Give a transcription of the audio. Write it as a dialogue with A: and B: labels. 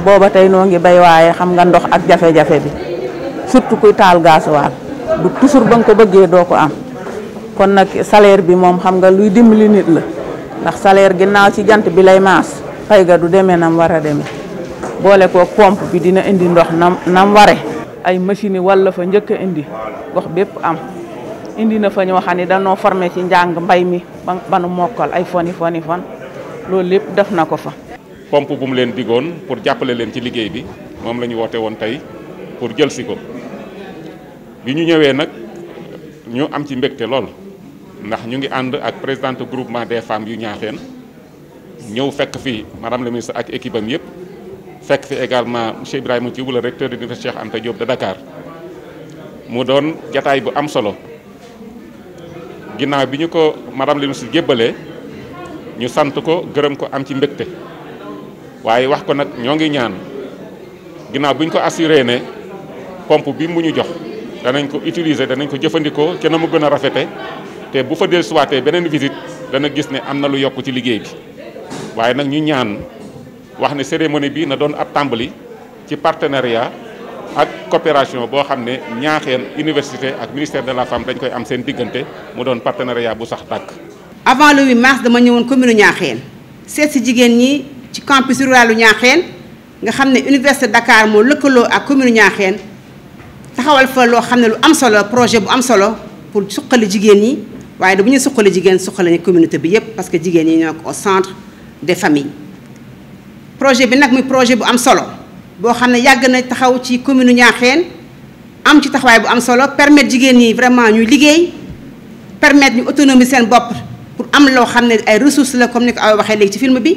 A: booba tey noo ngi bay waaye xam nga ndox ak jafe-jafe bi surtout kuy taal gaasuwaal du toujours ba nga ko bëggee doo ko am kon nag salaire bi moom xam nga luy dimbali nit la ndax salaire ginnaaw ci jant bi lay maas fay ga du demee nam war a demee boole ko pompe bi dina indi ndox nam nam ware ay machine yi walla fa njëkk a indi
B: gox bépp am
A: indi na fa ñoo xam ne danoo formé ci njàng mbay mi ba nu mokkal ay foni foni fan loolu lépp def na ko fa
B: pompe bu mu leen digoon pour jàppale leen ci liggéey bi moom la ñu woote woon tey pour jël si ko bi ñu ñëwee nag ñu am ci mbégte lool ndax ñu ngi ànd ak présidente groupement des femmes yu ñaaxeen ñëw fekk fi madame la ministre ak équipe am yëpp fekk fi également monsieur Ibrahima Diouf le recteur de l'université Cheikh Anta Diop de Dakar mu doon jataay bu am solo ginnaaw bi ñu ko madame la ministre ñu sant ko gërëm ko am ci mbégte waaye wax ko nag ñoo ngi ñaan ginnaaw bi ñu ko assuré ne pompe bi mu ñu jox danañ ko utiliser danañ ko jëfandikoo ca na mu gën a rafete te bu fa del suwaatee beneen visite dana gis ne am na lu yokk ci liggéey bi waaye nag ñu ñaan wax ne cérémonie bi na doon at tàmbali ci partenariat ak coopération boo xam ne ñaaxeen université ak ministère de la femme dañ koy am seen diggante mu doon partenariat bu sax tàkk.
C: avant le 8 mars dama ñëwoon commune Niakhène seet ci campus ruralu Niakhène nga xamné université Dakar mo lëkkaloo ak commune Niakhène taxawal fa lo xamné lu am solo projet bu am solo pour suqali jigen ñi waye da bu ñu suqali jigéen communauté bi yépp parce que jigen ñi ñoko au centre des familles projet bi nak muy projet bu am solo bo xamné yag na taxaw ci commune Niakhène am ci taxawaay bu am solo permettre jigen ñi vraiment ñuy liggéey permettre ñu autonomie seen pour am lo xamné ay ressources la comme ni ko aw waxee ci film bi